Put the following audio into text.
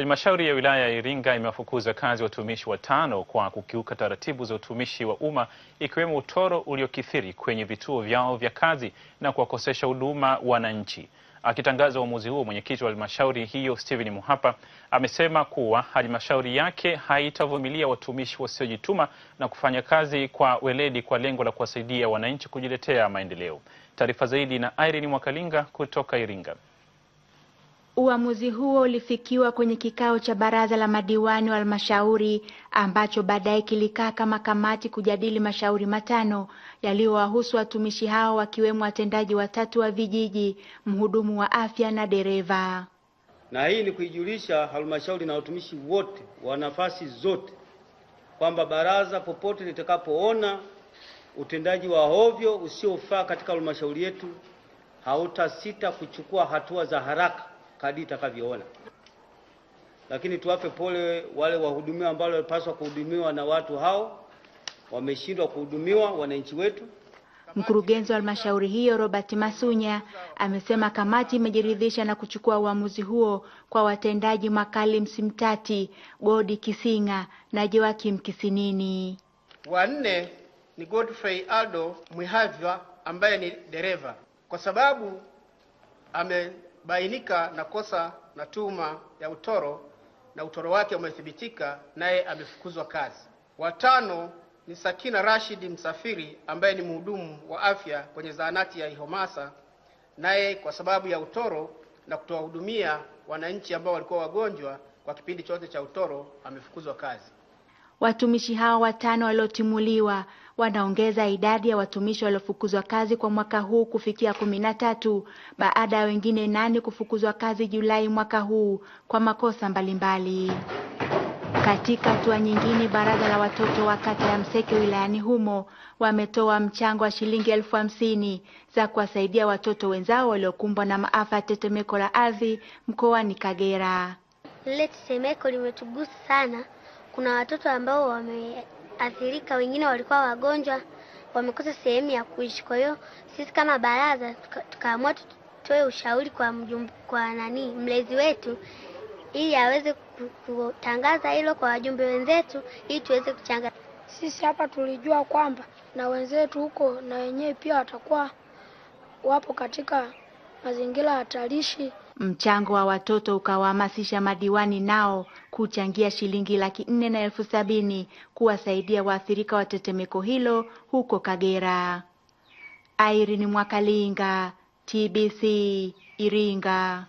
Halmashauri ya wilaya ya Iringa imewafukuza kazi watumishi watano kwa kukiuka taratibu za utumishi wa umma ikiwemo utoro uliokithiri kwenye vituo vyao vya kazi na kuwakosesha huduma wananchi. Akitangaza uamuzi huo, mwenyekiti wa halmashauri hiyo Steven Muhapa amesema kuwa halmashauri yake haitavumilia watumishi wasiojituma na kufanya kazi kwa weledi kwa lengo la kuwasaidia wananchi kujiletea maendeleo. Taarifa zaidi na Irene Mwakalinga kutoka Iringa. Uamuzi huo ulifikiwa kwenye kikao cha baraza la madiwani wa halmashauri ambacho baadaye kilikaa kama kamati kujadili mashauri matano yaliyowahusu watumishi hao wakiwemo watendaji watatu wa vijiji, mhudumu wa afya na dereva. Na hii ni kuijulisha halmashauri na watumishi wote wa nafasi zote kwamba baraza popote litakapoona utendaji wa hovyo usiofaa katika halmashauri yetu hautasita kuchukua hatua za haraka kadi itakavyoona. Lakini tuwape pole wale wahudumiwa ambao walipaswa kuhudumiwa na watu hao wameshindwa kuhudumiwa wananchi wetu. Mkurugenzi wa halmashauri hiyo Robert Masunya amesema kamati imejiridhisha na kuchukua uamuzi huo kwa watendaji Makali Msimtati, Godi Kisinga na Joakim Kisinini. Wanne ni Godfrey Aldo Mwihavya ambaye ni dereva kwa sababu ame bainika na kosa na tuma ya utoro na utoro wake umethibitika, naye amefukuzwa kazi. Watano ni Sakina Rashid Msafiri ambaye ni mhudumu wa afya kwenye zahanati ya Ihomasa, naye kwa sababu ya utoro na kutowahudumia wananchi ambao walikuwa wagonjwa kwa kipindi chote cha utoro amefukuzwa kazi. Watumishi hao watano waliotimuliwa wanaongeza idadi ya watumishi waliofukuzwa kazi kwa mwaka huu kufikia kumi na tatu baada ya wengine nane kufukuzwa kazi Julai mwaka huu kwa makosa mbalimbali. Katika hatua nyingine, baraza la watoto wa kata ya Mseke wilayani humo wametoa mchango wa shilingi elfu hamsini za kuwasaidia watoto wenzao waliokumbwa na maafa ya tetemeko la ardhi mkoani Kagera. Lile tetemeko limetugusa sana kuna watoto ambao wameathirika, wengine walikuwa wagonjwa, wamekosa sehemu ya kuishi. Kwa hiyo sisi kama baraza tukaamua tuka tutoe ushauri kwa mjum, kwa nani mlezi wetu ili aweze kutangaza hilo kwa wajumbe wenzetu ili tuweze kuchanga. Sisi hapa tulijua kwamba na wenzetu huko na wenyewe pia watakuwa wapo katika mazingira hatarishi. Mchango wa watoto ukawahamasisha madiwani nao kuchangia shilingi laki nne na elfu sabini kuwasaidia waathirika wa tetemeko hilo huko Kagera. Irene Mwakalinga, TBC Iringa.